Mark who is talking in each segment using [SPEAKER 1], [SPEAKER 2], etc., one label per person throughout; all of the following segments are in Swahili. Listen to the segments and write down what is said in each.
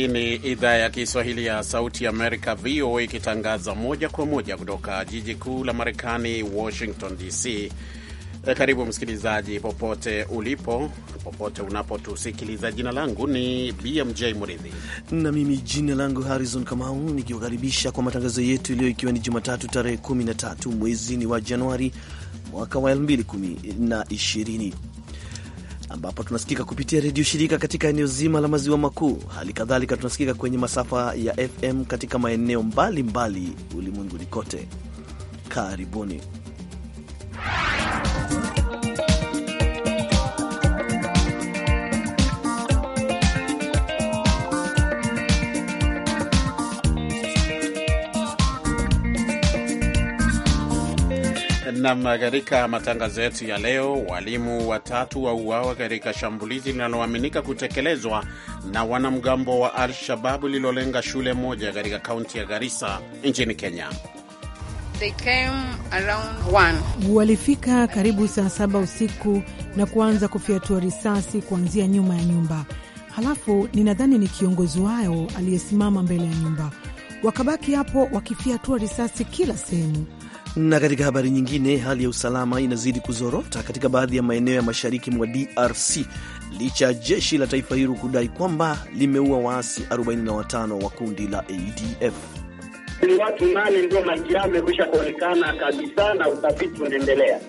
[SPEAKER 1] Hii ni idhaa ya Kiswahili ya Sauti Amerika, VOA, ikitangaza moja kwa moja kutoka jiji kuu la Marekani, Washington DC. Eh, karibu msikilizaji, popote ulipo, popote unapotusikiliza. Jina langu ni BMJ Muridhi
[SPEAKER 2] na mimi jina langu Harrison Kamau, nikiwakaribisha kwa matangazo yetu iliyo ikiwa ni Jumatatu tarehe 13 mwezini wa Januari mwaka wa 2020 ambapo tunasikika kupitia redio shirika katika eneo zima la maziwa makuu. Hali kadhalika tunasikika kwenye masafa ya FM katika maeneo mbalimbali ulimwenguni kote. Karibuni.
[SPEAKER 1] Nam, katika matangazo yetu ya leo, walimu watatu wauawa katika shambulizi linaloaminika kutekelezwa na wanamgambo wa Al-Shababu lililolenga shule moja katika kaunti ya Garissa nchini Kenya.
[SPEAKER 3] Walifika karibu saa saba usiku na kuanza kufyatua risasi kuanzia nyuma ya nyumba, halafu ninadhani ni kiongozi wao aliyesimama mbele ya nyumba, wakabaki hapo wakifyatua risasi kila sehemu.
[SPEAKER 2] Na katika habari nyingine, hali ya usalama inazidi kuzorota katika baadhi ya maeneo ya mashariki mwa DRC licha ya jeshi la taifa hilo kudai kwamba limeua waasi 45 wa kundi la ADF.
[SPEAKER 4] Ni watu nane ndio majina amekwisha kuonekana kabisa na utafiti unaendelea.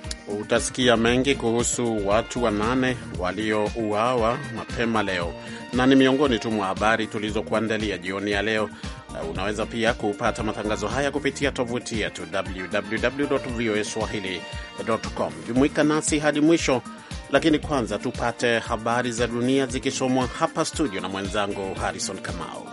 [SPEAKER 1] Utasikia mengi kuhusu watu wanane waliouawa mapema leo, na ni miongoni tu mwa habari tulizokuandalia jioni ya leo Unaweza pia kupata matangazo haya kupitia tovuti yetu www.voaswahili.com. Jumuika nasi hadi mwisho, lakini kwanza tupate habari za dunia zikisomwa hapa studio na mwenzangu Harrison Kamau.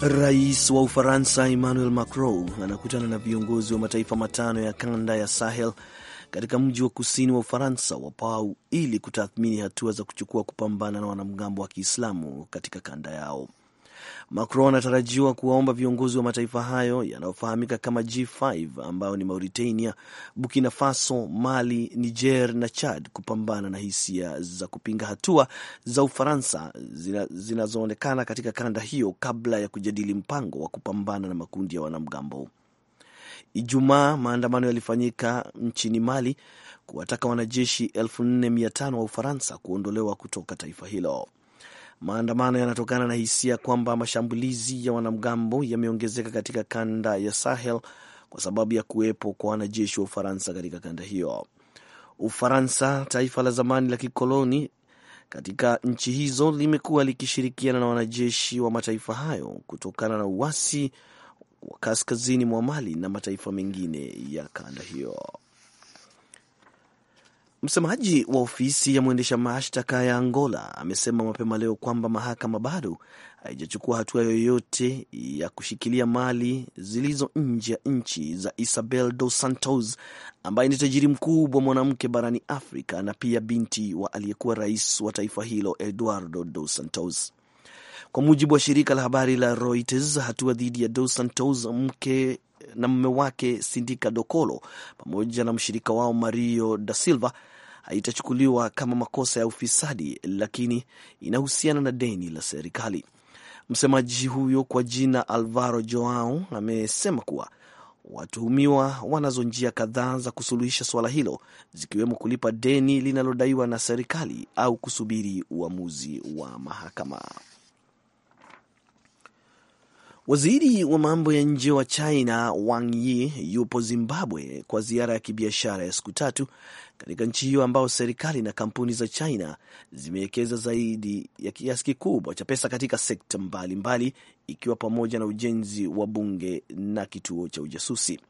[SPEAKER 2] Rais wa Ufaransa Emmanuel Macron anakutana na viongozi wa mataifa matano ya kanda ya Sahel katika mji wa kusini wa Ufaransa wa Pau ili kutathmini hatua za kuchukua kupambana na wanamgambo wa Kiislamu katika kanda yao. Macron anatarajiwa kuwaomba viongozi wa mataifa hayo yanayofahamika kama G5 ambayo ni Mauritania, Burkina Faso, Mali, Niger na Chad kupambana na hisia za kupinga hatua za Ufaransa zinazoonekana katika kanda hiyo kabla ya kujadili mpango wa kupambana na makundi ya wanamgambo. Ijumaa maandamano yalifanyika nchini Mali kuwataka wanajeshi 45 wa Ufaransa kuondolewa kutoka taifa hilo. Maandamano yanatokana na hisia kwamba mashambulizi ya wanamgambo yameongezeka katika kanda ya Sahel kwa sababu ya kuwepo kwa wanajeshi wa Ufaransa katika kanda hiyo. Ufaransa, taifa la zamani la kikoloni katika nchi hizo, limekuwa likishirikiana na wanajeshi wa mataifa hayo kutokana na uasi wa kaskazini mwa Mali na mataifa mengine ya kanda hiyo. Msemaji wa ofisi ya mwendesha mashtaka ya Angola amesema mapema leo kwamba mahakama bado haijachukua hatua yoyote ya kushikilia mali zilizo nje ya nchi za Isabel dos Santos ambaye ni tajiri mkubwa mwanamke barani Afrika na pia binti wa aliyekuwa rais wa taifa hilo Eduardo dos Santos. Kwa mujibu wa shirika la habari la Reuters, hatua dhidi ya Dos Santos, mke na mume wake Sindika Dokolo pamoja na mshirika wao Mario da Silva haitachukuliwa kama makosa ya ufisadi, lakini inahusiana na deni la serikali. Msemaji huyo kwa jina Alvaro Joao amesema kuwa watuhumiwa wanazo njia kadhaa za kusuluhisha suala hilo, zikiwemo kulipa deni linalodaiwa na serikali au kusubiri uamuzi wa mahakama. Waziri wa mambo ya nje wa China Wang Yi yupo Zimbabwe kwa ziara ya kibiashara ya siku tatu katika nchi hiyo ambayo serikali na kampuni za China zimewekeza zaidi ya kiasi kikubwa cha pesa katika sekta mbalimbali ikiwa pamoja na ujenzi wa bunge na kituo cha ujasusi.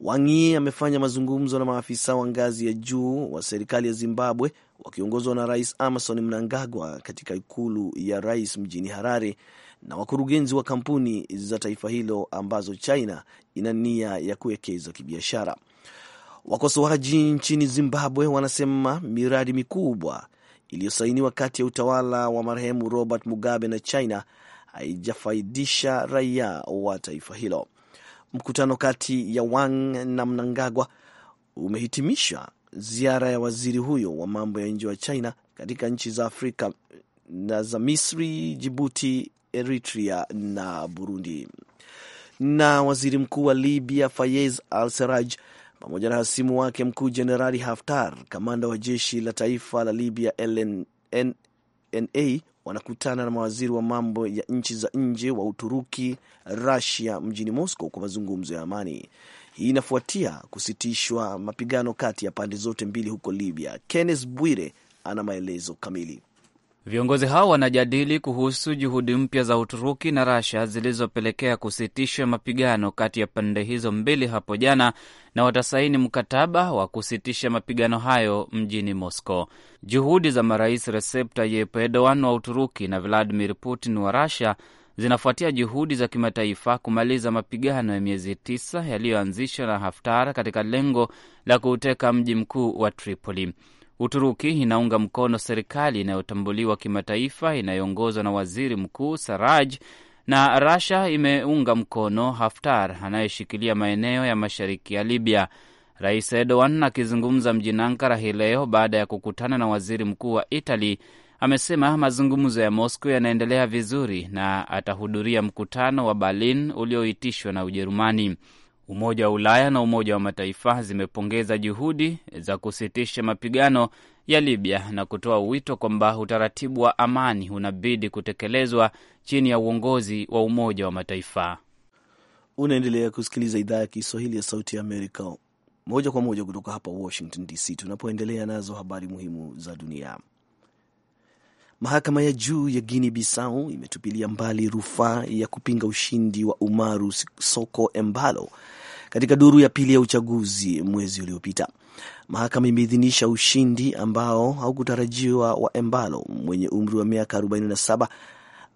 [SPEAKER 2] Wang Yi amefanya mazungumzo na maafisa wa ngazi ya juu wa serikali ya Zimbabwe wakiongozwa na Rais Emmerson Mnangagwa katika ikulu ya rais mjini Harare na wakurugenzi wa kampuni za taifa hilo ambazo China ina nia ya kuwekeza kibiashara. Wakosoaji nchini Zimbabwe wanasema miradi mikubwa iliyosainiwa kati ya utawala wa marehemu Robert Mugabe na China haijafaidisha raia wa taifa hilo. Mkutano kati ya Wang na Mnangagwa umehitimisha ziara ya waziri huyo wa mambo ya nje wa China katika nchi za Afrika na za Misri, Jibuti, Eritrea na Burundi. Na waziri mkuu wa Libya Fayez al Saraj pamoja na hasimu wake mkuu Jenerali Haftar, kamanda wa jeshi la taifa la Libya LNA, wanakutana na mawaziri wa mambo ya nchi za nje wa Uturuki, rasia mjini Moscow kwa mazungumzo ya amani. Hii inafuatia kusitishwa mapigano kati ya pande zote mbili huko Libya. Kenneth Bwire ana maelezo kamili.
[SPEAKER 5] Viongozi hao wanajadili kuhusu juhudi mpya za Uturuki na Rasha zilizopelekea kusitisha mapigano kati ya pande hizo mbili hapo jana, na watasaini mkataba wa kusitisha mapigano hayo mjini Moscow. Juhudi za marais Recep Tayyip Erdogan wa Uturuki na Vladimir Putin wa Rasha zinafuatia juhudi za kimataifa kumaliza mapigano ya miezi tisa yaliyoanzishwa na Haftar katika lengo la kuuteka mji mkuu wa Tripoli. Uturuki inaunga mkono serikali inayotambuliwa kimataifa inayoongozwa na waziri mkuu Saraj na Rasha imeunga mkono Haftar anayeshikilia maeneo ya mashariki ya Libya. Rais Erdogan akizungumza mjini Ankara hii leo baada ya kukutana na waziri mkuu wa Italy amesema mazungumzo ya Moscow yanaendelea vizuri na atahudhuria mkutano wa Berlin ulioitishwa na Ujerumani. Umoja wa Ulaya na Umoja wa Mataifa zimepongeza juhudi za kusitisha mapigano ya Libya na kutoa wito kwamba utaratibu wa amani unabidi kutekelezwa chini ya uongozi wa Umoja wa Mataifa.
[SPEAKER 2] Unaendelea kusikiliza idhaa ya Kiswahili ya Sauti ya Amerika moja kwa moja kutoka hapa Washington DC, tunapoendelea nazo habari muhimu za dunia. Mahakama ya juu ya Guinea Bissau imetupilia mbali rufaa ya kupinga ushindi wa Umaru Soko Embalo katika duru ya pili ya uchaguzi mwezi uliopita. Mahakama imeidhinisha ushindi ambao haukutarajiwa wa Embalo mwenye umri wa miaka 47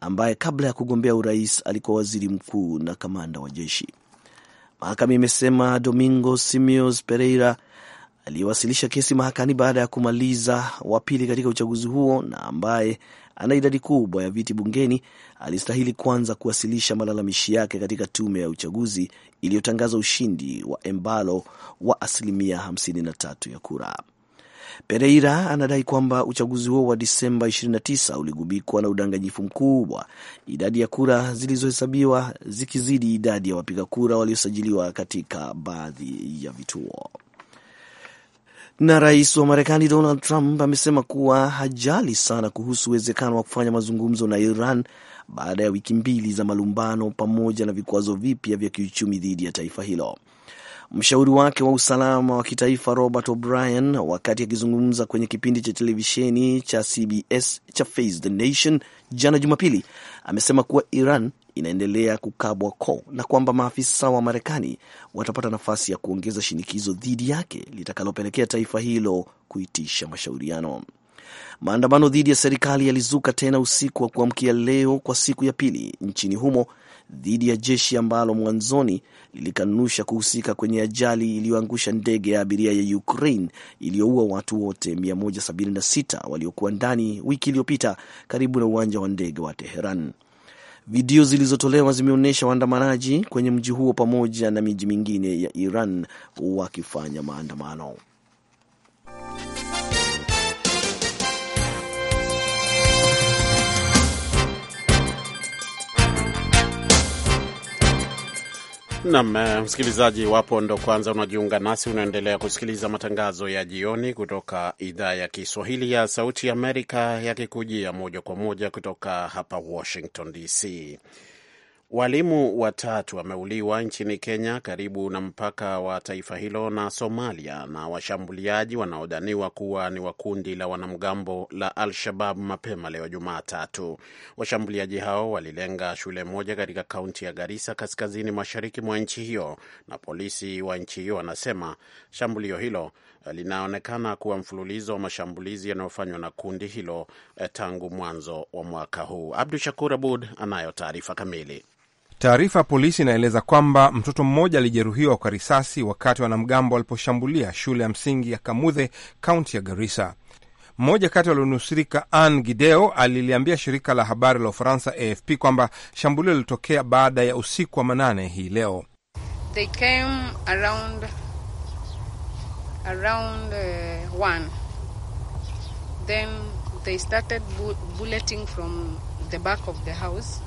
[SPEAKER 2] ambaye kabla ya kugombea urais alikuwa waziri mkuu na kamanda wa jeshi. Mahakama imesema Domingo Simios Pereira aliyewasilisha kesi mahakani baada ya kumaliza wa pili katika uchaguzi huo na ambaye ana idadi kubwa ya viti bungeni alistahili kwanza kuwasilisha malalamishi yake katika tume ya uchaguzi iliyotangaza ushindi wa Embalo wa asilimia 53 ya kura. Pereira anadai kwamba uchaguzi huo wa Disemba 29 uligubikwa na udanganyifu mkubwa, idadi ya kura zilizohesabiwa zikizidi idadi ya wapiga kura waliosajiliwa katika baadhi ya vituo. Na rais wa Marekani Donald Trump amesema kuwa hajali sana kuhusu uwezekano wa kufanya mazungumzo na Iran baada ya wiki mbili za malumbano pamoja na vikwazo vipya vya kiuchumi dhidi ya taifa hilo. Mshauri wake wa usalama wa kitaifa Robert O'Brien, wakati akizungumza kwenye kipindi cha televisheni cha CBS cha Face the Nation jana Jumapili, amesema kuwa Iran inaendelea kukabwa koo na kwamba maafisa wa Marekani watapata nafasi ya kuongeza shinikizo dhidi yake litakalopelekea taifa hilo kuitisha mashauriano. Maandamano dhidi ya serikali yalizuka tena usiku wa kuamkia leo kwa siku ya pili nchini humo dhidi ya jeshi ambalo mwanzoni lilikanusha kuhusika kwenye ajali iliyoangusha ndege ya abiria ya Ukraine iliyoua watu wote 176 waliokuwa ndani wiki iliyopita karibu na uwanja wa ndege wa Teheran. Video zilizotolewa zimeonyesha waandamanaji kwenye mji huo pamoja na miji mingine ya Iran wakifanya maandamano.
[SPEAKER 1] Nam eh, msikilizaji, iwapo ndo kwanza unajiunga nasi, unaendelea kusikiliza matangazo ya jioni kutoka idhaa ya Kiswahili ya Sauti Amerika, yakikujia moja kwa moja kutoka hapa Washington DC. Walimu watatu wameuliwa nchini Kenya karibu na mpaka wa taifa hilo na Somalia na washambuliaji wanaodhaniwa kuwa ni wa kundi la wanamgambo la Al-Shabab mapema leo Jumatatu. Washambuliaji hao walilenga shule moja katika kaunti ya Garissa kaskazini mashariki mwa nchi hiyo, na polisi wa nchi hiyo wanasema shambulio hilo linaonekana kuwa mfululizo wa mashambulizi yanayofanywa na kundi hilo eh, tangu mwanzo wa mwaka huu. Abdu Shakur Abud anayo taarifa kamili.
[SPEAKER 6] Taarifa ya polisi inaeleza kwamba mtoto mmoja alijeruhiwa kwa risasi wakati wanamgambo waliposhambulia shule ya msingi ya Kamuthe, kaunti ya Garissa. Mmoja kati walionusurika Anne Gideo aliliambia shirika la habari la Ufaransa AFP kwamba shambulio lilitokea baada ya usiku wa manane hii leo.
[SPEAKER 3] They came around, around, uh, one. Then they started bu bulleting from the back of the house.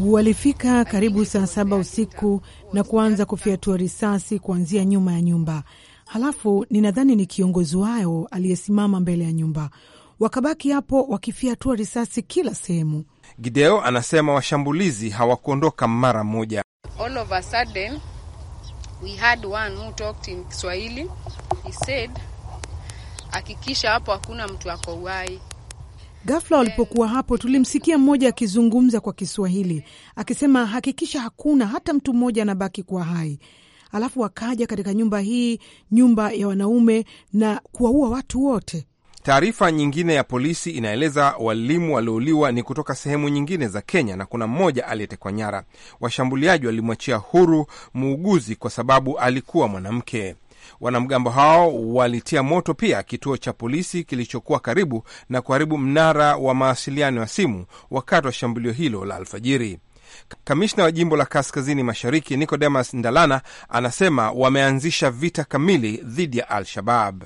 [SPEAKER 3] Walifika karibu saa saba usiku na kuanza kufyatua risasi kuanzia nyuma ya nyumba. Halafu ninadhani ni kiongozi wao aliyesimama mbele ya nyumba, wakabaki hapo wakifyatua risasi kila sehemu.
[SPEAKER 6] Gideo anasema washambulizi hawakuondoka mara moja.
[SPEAKER 3] All of a sudden we had one who talked in Kiswahili. He said, hakikisha hapo hakuna mtu ako uhai. Ghafla walipokuwa hapo, tulimsikia mmoja akizungumza kwa Kiswahili akisema, hakikisha hakuna hata mtu mmoja anabaki kwa hai. Alafu wakaja katika nyumba hii, nyumba ya wanaume, na kuwaua watu wote.
[SPEAKER 6] Taarifa nyingine ya polisi inaeleza walimu waliouliwa ni kutoka sehemu nyingine za Kenya na kuna mmoja aliyetekwa nyara. Washambuliaji walimwachia huru muuguzi kwa sababu alikuwa mwanamke. Wanamgambo hao walitia moto pia kituo cha polisi kilichokuwa karibu na kuharibu mnara wa mawasiliano ya simu wakati wa shambulio hilo la alfajiri. Kamishna wa jimbo la kaskazini mashariki Nicodemas Ndalana anasema wameanzisha vita kamili dhidi ya Al-Shabab.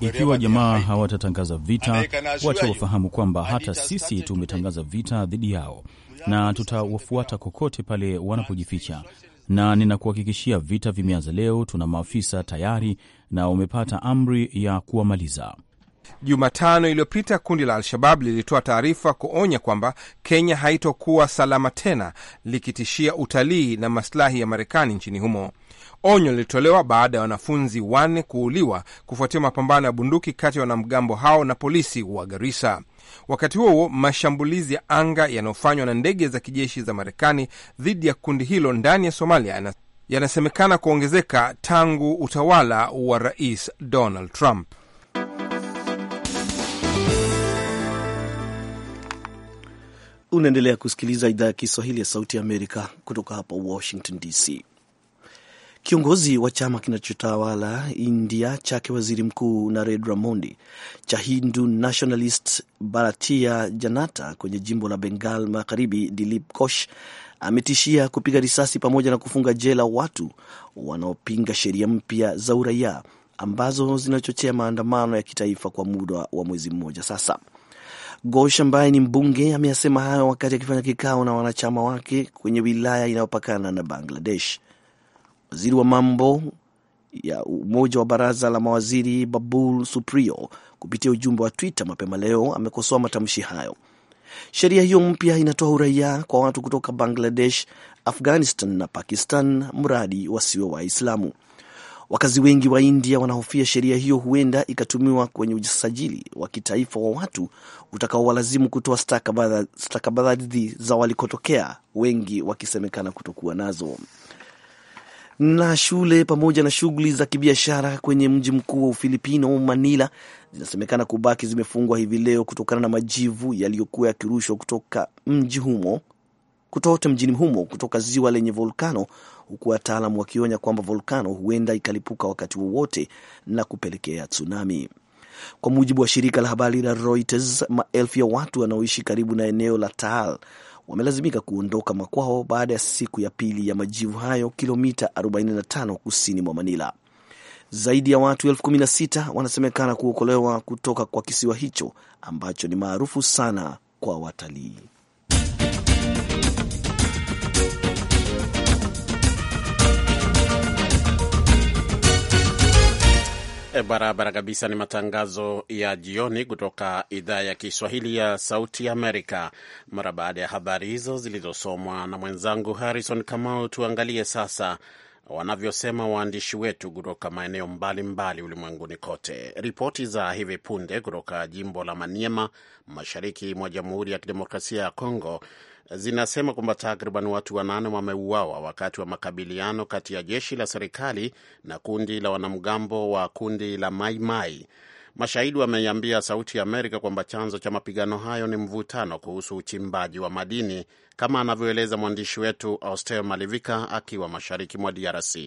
[SPEAKER 7] Ikiwa jamaa hawatatangaza vita, wacha wafahamu kwamba hata sisi tumetangaza vita dhidi yao na tutawafuata kokote pale wanapojificha na ninakuhakikishia vita vimeanza leo. Tuna maafisa tayari na wamepata
[SPEAKER 6] amri ya kuwamaliza. Jumatano iliyopita kundi la Al-Shabab lilitoa taarifa kuonya kwamba Kenya haitokuwa salama tena, likitishia utalii na maslahi ya Marekani nchini humo. Onyo lilitolewa baada ya wanafunzi wanne kuuliwa kufuatia mapambano ya bunduki kati ya wanamgambo hao na polisi wa Garissa. Wakati huo huo, mashambulizi ya anga yanayofanywa na ndege za kijeshi za Marekani dhidi ya kundi hilo ndani ya Somalia yanasemekana kuongezeka tangu utawala wa Rais Donald
[SPEAKER 2] Trump. Unaendelea kusikiliza idhaa ya Kiswahili ya Sauti ya Amerika kutoka hapa Washington DC. Kiongozi wa chama kinachotawala India chake waziri mkuu Narendra Modi cha Hindu nationalist Bharatiya Janata kwenye jimbo la Bengal Magharibi, Dilip Ghosh ametishia kupiga risasi pamoja na kufunga jela watu wanaopinga sheria mpya za uraia ambazo zinachochea maandamano ya kitaifa kwa muda wa mwezi mmoja sasa. Ghosh ambaye ni mbunge ameyasema hayo wakati akifanya kikao na wanachama wake kwenye wilaya inayopakana na Bangladesh. Waziri wa mambo ya umoja wa baraza la mawaziri Babul Suprio kupitia ujumbe wa Twitter mapema leo amekosoa matamshi hayo. Sheria hiyo mpya inatoa uraia kwa watu kutoka Bangladesh, Afghanistan na Pakistan, mradi wasiwe Waislamu. Wakazi wengi wa India wanahofia sheria hiyo huenda ikatumiwa kwenye usajili wa kitaifa wa watu utakaowalazimu kutoa stakabadhi za walikotokea, wengi wakisemekana kutokuwa nazo na shule pamoja na shughuli za kibiashara kwenye mji mkuu wa Ufilipino, Manila, zinasemekana kubaki zimefungwa hivi leo kutokana na majivu yaliyokuwa yakirushwa kutoka mji humo kutote mjini humo kutoka ziwa lenye volkano, huku wataalam wakionya kwamba volkano huenda ikalipuka wakati wowote na kupelekea tsunami. Kwa mujibu wa shirika la habari la Reuters, maelfu ya watu wanaoishi karibu na eneo la Taal wamelazimika kuondoka makwao baada ya siku ya pili ya majivu hayo kilomita 45 kusini mwa Manila. Zaidi ya watu 16 wanasemekana kuokolewa kutoka kwa kisiwa hicho ambacho ni maarufu sana kwa watalii.
[SPEAKER 1] Barabara kabisa. Ni matangazo ya jioni kutoka idhaa ya Kiswahili ya Sauti Amerika. Mara baada ya habari hizo zilizosomwa na mwenzangu Harrison Kamau, tuangalie sasa wanavyosema waandishi wetu kutoka maeneo mbalimbali ulimwenguni kote. Ripoti za hivi punde kutoka jimbo la Maniema, mashariki mwa Jamhuri ya Kidemokrasia ya Kongo, zinasema kwamba takriban watu wanane wameuawa wakati wa makabiliano kati ya jeshi la serikali na kundi la wanamgambo wa kundi la Maimai Mai. Mashahidi wameiambia Sauti ya Amerika kwamba chanzo cha mapigano hayo ni mvutano kuhusu uchimbaji wa madini, kama anavyoeleza mwandishi wetu Austel Malivika akiwa mashariki mwa DRC.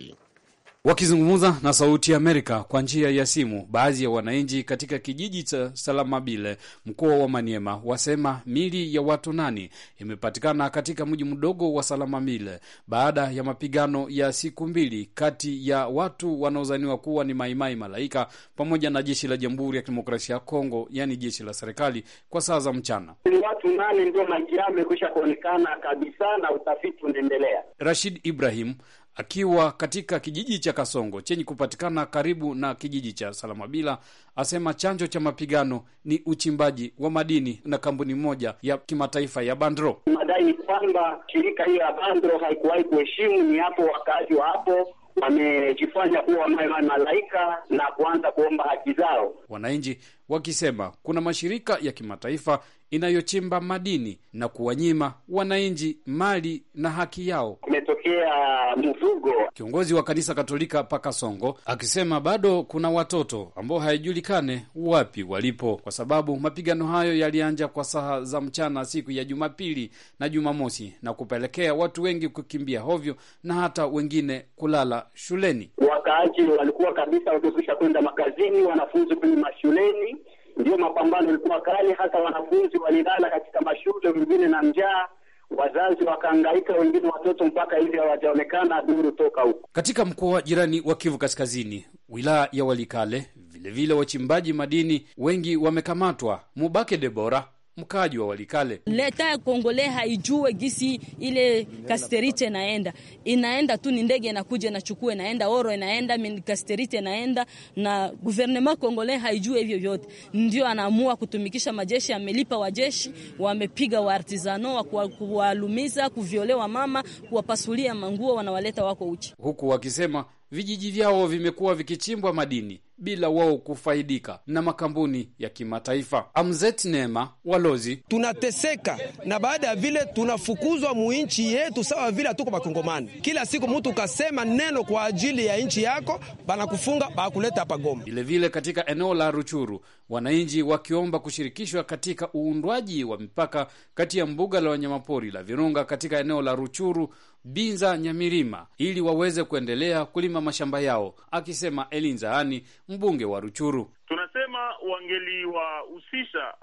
[SPEAKER 8] Wakizungumza na Sauti ya Amerika kwa njia ya simu, baadhi ya wananchi katika kijiji cha Salamabile, mkoa wa Maniema, wasema mili ya watu nani imepatikana katika mji mdogo wa Salamabile baada ya mapigano ya siku mbili kati ya watu wanaozaniwa kuwa ni Maimai Malaika pamoja na jeshi la Jamhuri ya Kidemokrasia ya Kongo, yaani jeshi la serikali, kwa saa za mchana.
[SPEAKER 4] Ni watu nane ndio majirani amekwisha kuonekana kabisa na utafiti unaendelea.
[SPEAKER 8] Rashid Ibrahim akiwa katika kijiji cha Kasongo chenye kupatikana karibu na kijiji cha Salamabila, asema chanjo cha mapigano ni uchimbaji wa madini na kampuni moja ya kimataifa ya Bandro.
[SPEAKER 4] Madai ni kwamba shirika hiyo ya Bandro haikuwahi kuheshimu, ni hapo wakaaji wa hapo wamejifanya kuwa malaika na kuanza kuomba haki zao,
[SPEAKER 8] wananchi wakisema kuna mashirika ya kimataifa inayochimba madini na kuwanyima wananchi mali na haki yao imetokea Muvugo. Kiongozi wa kanisa Katolika paka songo akisema bado kuna watoto ambao haijulikane wapi walipo, kwa sababu mapigano hayo yalianja kwa saa za mchana siku ya Jumapili na Jumamosi na kupelekea watu wengi kukimbia hovyo na hata wengine kulala shuleni.
[SPEAKER 4] Wakaaji walikuwa kabisa wakikwisha kwenda makazini, wanafunzi kwenye mashuleni, ndio mapambano yalikuwa kali, hata wanafunzi walilala katika mashule, wengine na njaa wazazi wakaangaika wengine watoto mpaka hivi hawajaonekana duru toka huko.
[SPEAKER 8] Katika mkoa jirani wa Kivu Kaskazini, wilaya ya Walikale, vilevile wachimbaji madini wengi wamekamatwa. Mubake Debora mkaji wa Walikale.
[SPEAKER 3] Leta ya Kongole haijue gisi ile kasterite naenda inaenda tu, ni ndege inakuja nachukua naenda oro, inaenda kasterite, naenda na guvernema Kongole haijue hivyo vyote, ndio anaamua kutumikisha majeshi. Amelipa wajeshi, wamepiga waartizano wa kuwalumiza, kuvyolewa mama, kuwapasulia manguo, wanawaleta wako uchi,
[SPEAKER 8] huku wakisema vijiji vyao vimekuwa vikichimbwa madini bila wao kufaidika na makampuni ya kimataifa. Amzet nema Walozi: tunateseka na baada ya vile tunafukuzwa muinchi yetu, sawa vile hatuko makongomani Kila siku mtu ukasema neno kwa ajili ya nchi yako, banakufunga bakuleta hapa Goma. Vilevile katika eneo la Ruchuru, wananchi wakiomba kushirikishwa katika uundwaji wa mipaka kati ya mbuga la wanyamapori la Virunga katika eneo la Ruchuru Binza Nyamirima ili waweze kuendelea kulima mashamba yao, akisema Elinzaani, mbunge wa Ruchuru.
[SPEAKER 6] Tunasema wangeliwahusisha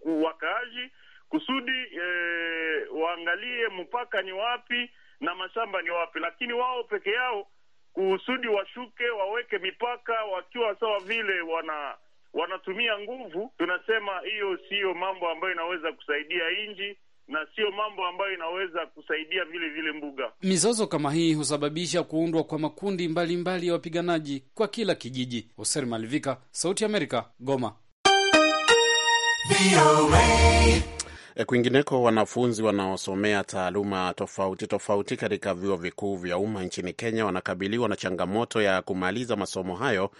[SPEAKER 6] uh, wakaaji kusudi eh, waangalie mpaka ni wapi na mashamba ni wapi, lakini wao peke yao kusudi washuke waweke mipaka wakiwa sawa vile wana wanatumia nguvu. Tunasema hiyo siyo mambo ambayo inaweza kusaidia nchi na siyo mambo ambayo inaweza kusaidia vile vile mbuga.
[SPEAKER 8] Mizozo kama hii husababisha kuundwa kwa makundi mbalimbali mbali ya wapiganaji kwa kila kijiji. Hoser Malivika, Sauti ya Amerika, Goma.
[SPEAKER 1] E, kwingineko, wanafunzi wanaosomea taaluma tofauti tofauti katika vyuo vikuu vya umma nchini Kenya wanakabiliwa na changamoto ya kumaliza masomo hayo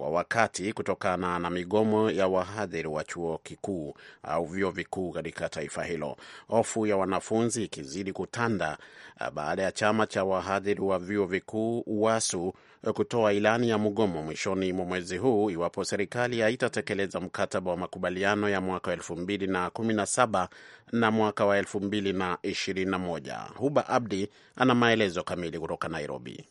[SPEAKER 1] kwa wakati kutokana na migomo ya wahadhiri wa chuo kikuu au vyuo vikuu katika taifa hilo. Hofu ya wanafunzi ikizidi kutanda eh, baada ya chama cha wahadhiri wa vyuo vikuu UASU eh, kutoa ilani ya mgomo mwishoni mwa mwezi huu iwapo serikali haitatekeleza mkataba wa makubaliano ya mwaka wa elfu mbili na kumi na saba na mwaka wa elfu mbili na ishirini na moja. Huba Abdi ana maelezo kamili kutoka Nairobi.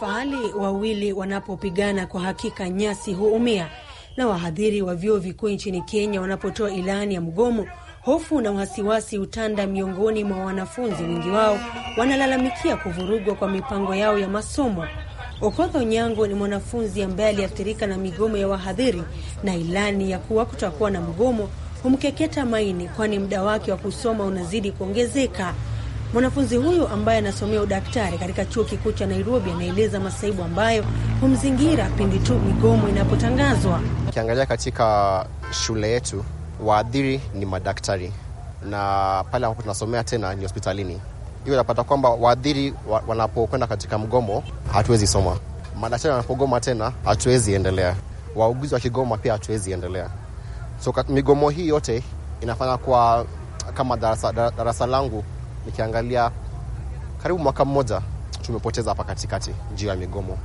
[SPEAKER 3] Fahali wawili wanapopigana kwa hakika nyasi huumia. Na wahadhiri wa vyuo vikuu nchini Kenya wanapotoa ilani ya mgomo, hofu na wasiwasi utanda miongoni mwa wanafunzi, wengi wao wanalalamikia kuvurugwa kwa mipango yao ya masomo. Okodho Nyango ni mwanafunzi ambaye aliathirika na migomo ya wahadhiri na ilani ya kuwa kutakuwa na mgomo humkeketa maini, kwani muda wake wa kusoma unazidi kuongezeka. Mwanafunzi huyu ambaye anasomea udaktari katika chuo kikuu cha Nairobi anaeleza masaibu ambayo humzingira pindi tu migomo inapotangazwa.
[SPEAKER 1] Ukiangalia katika shule yetu, waadhiri ni madaktari na pale ambapo tunasomea tena ni hospitalini. Hiyo napata kwamba waadhiri wa, wanapokwenda katika mgomo hatuwezi soma, madaktari wanapogoma tena hatuwezi endelea, wauguzi wakigoma pia hatuwezi endelea. So migomo hii yote inafanya kwa kama darasa, darasa langu nikiangalia karibu mwaka mmoja tumepoteza hapa katikati njia ya migomo.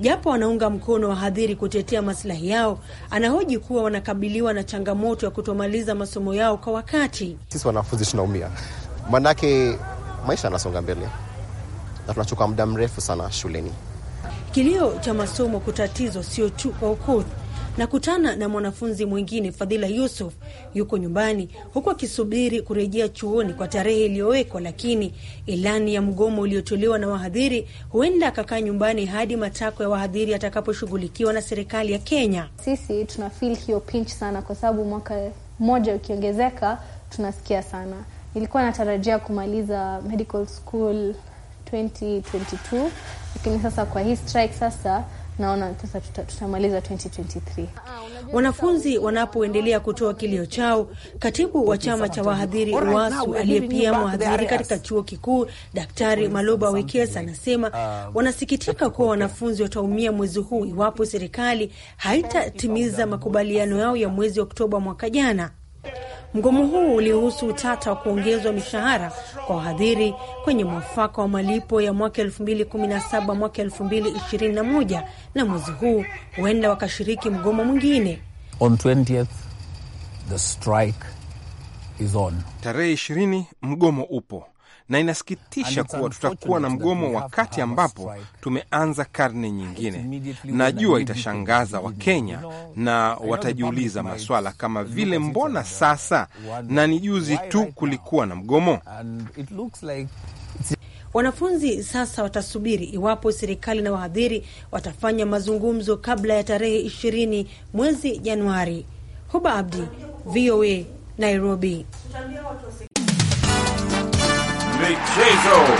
[SPEAKER 3] Japo wanaunga mkono wahadhiri kutetea maslahi yao, anahoji kuwa wanakabiliwa na changamoto ya kutomaliza masomo yao kwa wakati.
[SPEAKER 1] Sisi wanafunzi tunaumia, maanake maisha yanasonga mbele na tunachukua muda mrefu sana shuleni.
[SPEAKER 3] Kilio cha masomo kutatizwa sio tu kwa ukoti nakutana na mwanafunzi mwingine Fadhila Yusuf, yuko nyumbani huku akisubiri kurejea chuoni kwa tarehe iliyowekwa, lakini ilani ya mgomo uliotolewa na wahadhiri huenda akakaa nyumbani hadi matakwa ya wahadhiri atakaposhughulikiwa na serikali ya Kenya. Sisi tuna feel hiyo pinch sana, kwa sababu mwaka mmoja ukiongezeka tunasikia sana. Nilikuwa natarajia kumaliza medical school 2022 lakini sasa kwa hii strike sasa naona sasa tutamaliza 2023. Ah, wanafunzi wanapoendelea kutoa kilio chao, katibu wa chama cha wahadhiri UASU aliye pia mhadhiri katika chuo kikuu Daktari Maloba Wekesa anasema ah, wanasikitika kuwa wanafunzi wataumia mwezi huu iwapo serikali haitatimiza makubaliano yao ya mwezi Oktoba mwaka jana. Mgomo huu ulihusu utata wa kuongezwa mishahara kwa wahadhiri kwenye mwafaka wa malipo ya mwaka 2017 mwaka 2021, na mwezi huu huenda wakashiriki mgomo mwingine.
[SPEAKER 7] On 20th, the strike
[SPEAKER 6] is on. Tarehe 20 mgomo upo na inasikitisha kuwa tutakuwa na mgomo wakati ambapo tumeanza karne nyingine. Najua itashangaza Wakenya na watajiuliza maswala kama vile mbona sasa, na ni juzi tu kulikuwa na mgomo.
[SPEAKER 3] Wanafunzi sasa watasubiri iwapo serikali na wahadhiri watafanya mazungumzo kabla ya tarehe ishirini mwezi Januari. Huba Abdi, VOA, Nairobi
[SPEAKER 8] avec Jezo.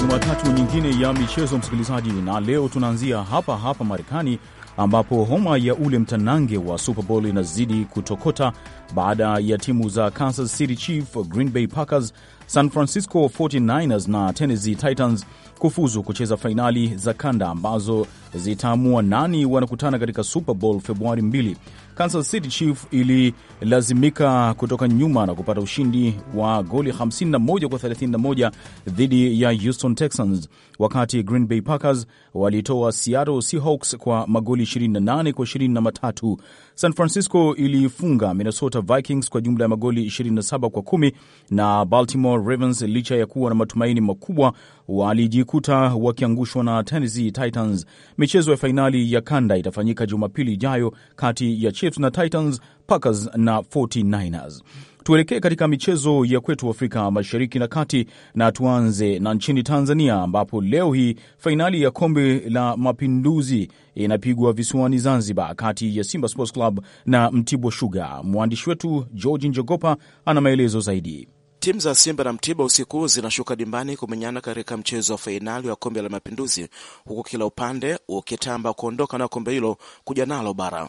[SPEAKER 7] Jumatatu nyingine ya michezo msikilizaji, na leo tunaanzia hapa hapa Marekani ambapo homa ya ule mtanange wa Super Bowl inazidi kutokota baada ya timu za Kansas City Chiefs, Green Bay Packers, San Francisco 49ers na Tennessee Titans kufuzu kucheza fainali za kanda ambazo zitaamua nani wanakutana katika Super Bowl Februari 2. Kansas City Chief ililazimika kutoka nyuma na kupata ushindi wa goli 51 kwa 31 dhidi ya Houston Texans, wakati Green Bay Packers walitoa Seattle Seahawks kwa magoli 28 kwa 23. San Francisco ilifunga Minnesota Vikings kwa jumla ya magoli 27 kwa 10, na Baltimore Ravens licha ya kuwa na matumaini makubwa walijikuta wakiangushwa na Tennessee Titans. Michezo ya fainali ya kanda itafanyika Jumapili ijayo kati ya Chiefs na Titans, Packers na 49ers. Tuelekee katika michezo ya kwetu Afrika Mashariki na Kati, na tuanze na nchini Tanzania ambapo leo hii fainali ya Kombe la Mapinduzi inapigwa visiwani Zanzibar, kati ya Simba Sports Club na Mtibwa Sugar. Mwandishi wetu George Njogopa ana maelezo zaidi.
[SPEAKER 9] Timu za Simba na mtiba usiku zinashuka dimbani kumenyana katika mchezo wa fainali wa kombe la Mapinduzi, huku kila upande ukitamba kuondoka na kombe hilo kuja nalo bara.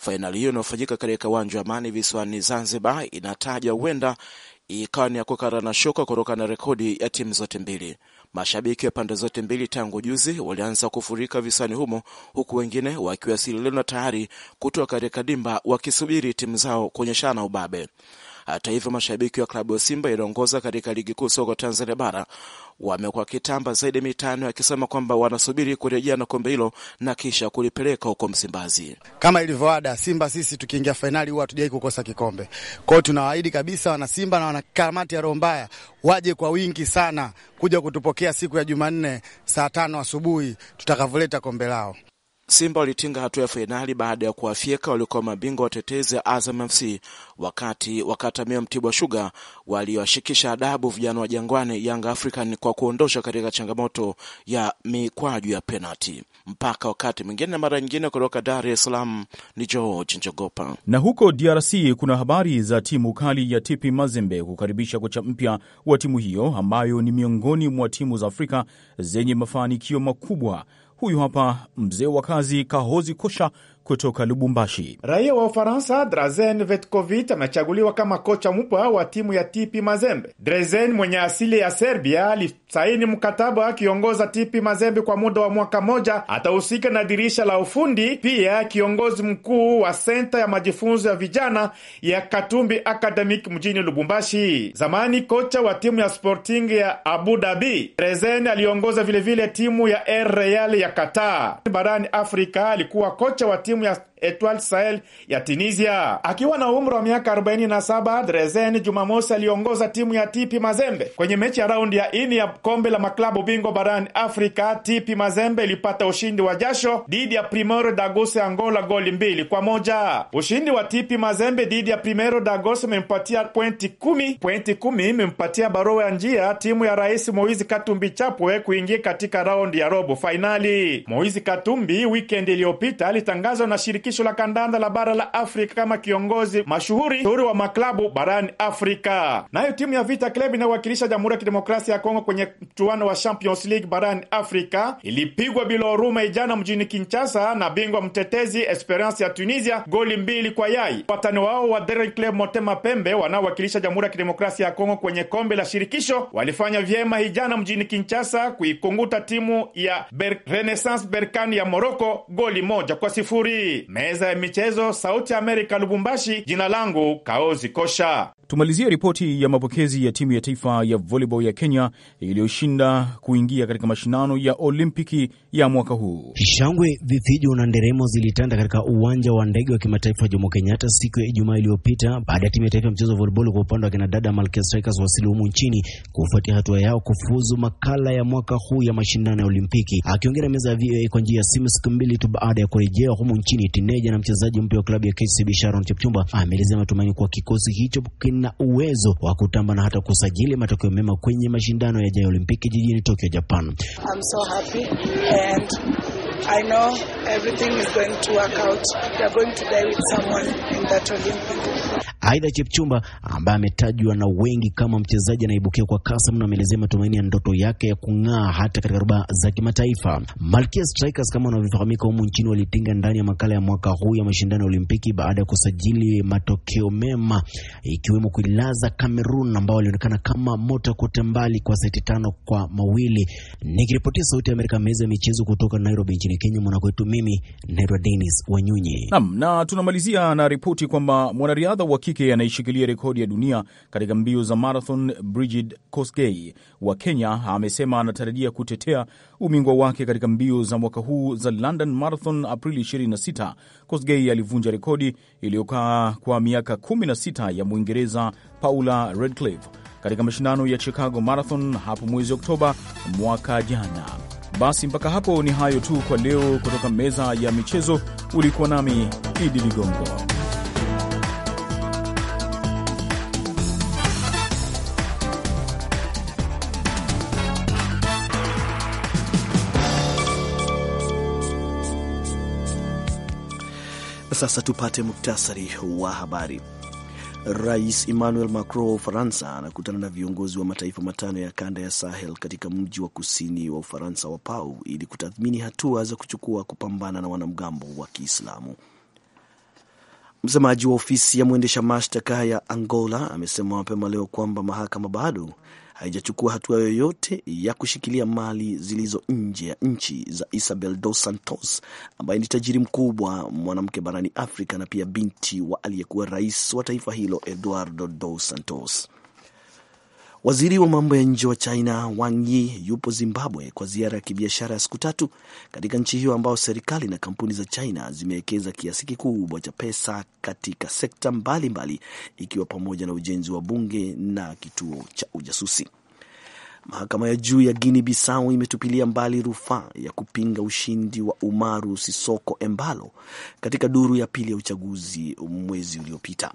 [SPEAKER 9] Fainali hiyo inayofanyika katika uwanja wa Amani visiwani Zanzibar inatajwa huenda ikawa ni ya kukarana shoka kutokana na rekodi ya timu zote mbili. Mashabiki wa pande zote mbili tangu juzi walianza kufurika visiwani humo, huku wengine wakiwasili leo na tayari kutoka katika dimba wakisubiri timu zao kuonyeshana ubabe. Hata hivyo, mashabiki wa klabu ya Simba inaongoza katika ligi kuu soko Tanzania bara wamekuwa kitamba zaidi mitano akisema kwamba wanasubiri kurejea na kombe hilo na kisha kulipeleka huko Msimbazi. Kama ilivyoada, Simba sisi tukiingia fainali huwa hatujawai kukosa kikombe. Kwa hiyo tunawaahidi kabisa wana Simba na wana kamati ya roho mbaya waje kwa wingi sana kuja kutupokea siku ya Jumanne saa tano asubuhi tutakavyoleta kombe lao. Simba walitinga hatua ya fainali baada ya kuwafyeka waliokuwa mabingwa watetezi ya Azam FC wakati wakatamia Mtibwa shuga waliowashikisha adabu vijana wa Jangwani, Young African, kwa kuondosha katika changamoto ya mikwaju ya penalti. Mpaka wakati mwingine na mara nyingine, kutoka Dar es Salaam ni George Njogopa.
[SPEAKER 7] Na huko DRC kuna habari za timu kali ya TP Mazembe kukaribisha kocha mpya wa timu hiyo ambayo ni miongoni mwa timu za Afrika zenye mafanikio makubwa Huyu hapa mzee wa kazi Kahozi Kosha kutoka Lubumbashi.
[SPEAKER 10] Raia wa Ufaransa Drazen Vetkovit amechaguliwa kama kocha mpya wa timu ya TP Mazembe. Drazen mwenye asili ya Serbia alisaini mkataba akiongoza TP Mazembe kwa muda wa mwaka moja, atahusika na dirisha la ufundi, pia kiongozi mkuu wa senta ya majifunzo ya vijana ya Katumbi Academic mjini Lubumbashi. Zamani kocha wa timu ya Sporting ya Abu Dhabi, Drazen aliongoza vilevile timu ya Al Real ya Qatar. Barani Afrika alikuwa kocha wa timu ya Etoile Sahel ya Tunisia. Akiwa na umri wa miaka 47, Drezen Jumamosi aliongoza timu ya TP Mazembe kwenye mechi ya raundi ya ini ya kombe la maklabu bingwa barani Afrika. TP Mazembe ilipata ushindi wa jasho dhidi ya Primero Dagos Angola goli mbili kwa moja. Ushindi wa TP Mazembe dhidi ya Primero Dagos imempatia pointi kumi. Pointi kumi imempatia barua ya njia timu ya Rais Moizi Katumbi Chapwe kuingia katika raundi ya robo fainali. Moizi Katumbi wikendi iliyopita alitangaza Uingereza na shirikisho la kandanda la bara la Afrika kama kiongozi mashuhuri shuhuri wa maklabu barani Afrika. Nayo timu ya Vita Club inayowakilisha Jamhuri ya Kidemokrasia ya Kongo kwenye mchuano wa Champions League barani Afrika ilipigwa bila huruma ijana mjini Kinshasa na bingwa mtetezi Esperance ya Tunisia goli mbili kwa yai. Watani wao wa Daring Club Motema Pembe wanaowakilisha Jamhuri ya Kidemokrasia ya Kongo kwenye kombe la shirikisho walifanya vyema ijana mjini Kinshasa kuikunguta timu ya Ber Renaissance Berkane ya Moroko goli moja kwa sifuri. Bujumburi, meza ya michezo, Sauti Amerika, Lubumbashi. Jina langu Kaozi Kosha.
[SPEAKER 7] Tumalizie ripoti ya mapokezi ya timu ya taifa ya volleyball ya Kenya iliyoshinda kuingia katika mashindano ya Olimpiki ya mwaka huu.
[SPEAKER 4] Shangwe, vifijo na nderemo zilitanda katika uwanja wa ndege wa kimataifa Jomo Kenyatta siku ya Ijumaa iliyopita baada ya timu ya taifa ya mchezo wa volleyball kwa upande wa kinadada Malkia Strikers wasili humu nchini kufuatia hatua yao kufuzu makala ya mwaka huu ya mashindano ya Olimpiki. Akiongea na meza ya VOA kwa njia ya simu siku mbili tu baada ya kurejea humu nchini Tineja na mchezaji mpya wa klabu ya KCB Sharon Chipchumba ameelezea matumaini kuwa kikosi hicho kina uwezo wa kutamba na hata kusajili matokeo mema kwenye mashindano yajayo Olimpiki jijini Tokyo, Japan. I'm so happy and I know everything is going to work out. We are going to die with someone in that Olympic. Aidha, Chipchumba ambaye ametajwa na wengi kama mchezaji anaibukia kwa kasi mno ameelezea matumaini ya ndoto yake ya kung'aa hata katika rubaa za kimataifa. Malkia Strikers kama wanavyofahamika humu nchini walitinga ndani ya makala ya mwaka huu ya mashindano ya Olimpiki baada ya kusajili matokeo mema ikiwemo kuilaza Cameroon ambao walionekana kama moto kote mbali kwa seti tano kwa mawili. Nikiripotia Sauti ya Amerika meza ya michezo kutoka Nairobi nchini Kenya, mwanakwetu mimi naitwa Dennis Wanyunyi.
[SPEAKER 7] Naam, na tunamalizia na ripoti kwamba mwanariadha wa kike anayeshikilia rekodi ya dunia katika mbio za marathon, Brigid Kosgei wa Kenya, amesema anatarajia kutetea ubingwa wake katika mbio za mwaka huu za London Marathon Aprili 26. Kosgei alivunja rekodi iliyokaa kwa miaka 16 ya Mwingereza Paula Redcliffe katika mashindano ya Chicago Marathon hapo mwezi Oktoba mwaka jana. Basi mpaka hapo ni hayo tu kwa leo, kutoka meza ya michezo. Ulikuwa nami Idi Ligongo.
[SPEAKER 2] sasa tupate muktasari wa habari. Rais Emmanuel Macron wa Ufaransa anakutana na viongozi wa mataifa matano ya kanda ya Sahel katika mji wa kusini wa Ufaransa wa Pau ili kutathmini hatua za kuchukua kupambana na wanamgambo wa Kiislamu. Msemaji wa ofisi ya mwendesha mashtaka ya Angola amesema mapema leo kwamba mahakama bado haijachukua hatua yoyote ya kushikilia mali zilizo nje ya nchi za Isabel Dos Santos ambaye ni tajiri mkubwa mwanamke barani Afrika na pia binti wa aliyekuwa rais wa taifa hilo Eduardo Dos Santos. Waziri wa mambo ya nje wa China Wang Yi yupo Zimbabwe kwa ziara ya kibiashara ya siku tatu katika nchi hiyo ambayo serikali na kampuni za China zimewekeza kiasi kikubwa cha pesa katika sekta mbalimbali mbali, ikiwa pamoja na ujenzi wa bunge na kituo cha ujasusi. Mahakama ya juu ya Guinea Bissau imetupilia mbali rufaa ya kupinga ushindi wa Umaru Sisoko Embalo katika duru ya pili ya uchaguzi mwezi uliopita.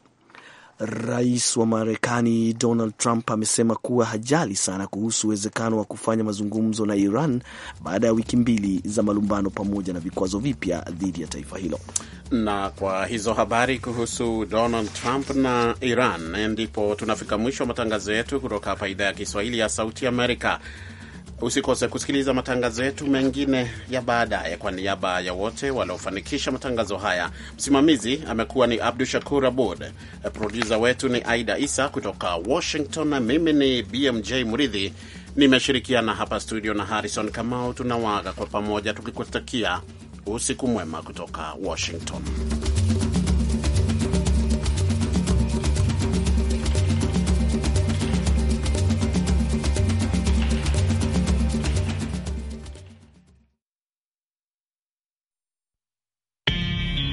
[SPEAKER 2] Rais wa Marekani Donald Trump amesema kuwa hajali sana kuhusu uwezekano wa kufanya mazungumzo na Iran baada ya wiki mbili za malumbano pamoja na vikwazo vipya dhidi ya taifa hilo.
[SPEAKER 1] Na kwa hizo habari kuhusu Donald Trump na Iran, ndipo tunafika mwisho wa matangazo yetu kutoka hapa idhaa ya Kiswahili ya Sauti Amerika. Usikose kusikiliza matangazo yetu mengine ya baadaye. Kwa niaba ya wote waliofanikisha matangazo haya, msimamizi amekuwa ni Abdu Shakur Abud, produsa wetu ni Aida Isa kutoka Washington, na mimi ni BMJ Muridhi nimeshirikiana hapa studio na Harrison Kamau. Tunawaaga kwa pamoja tukikutakia usiku mwema kutoka Washington.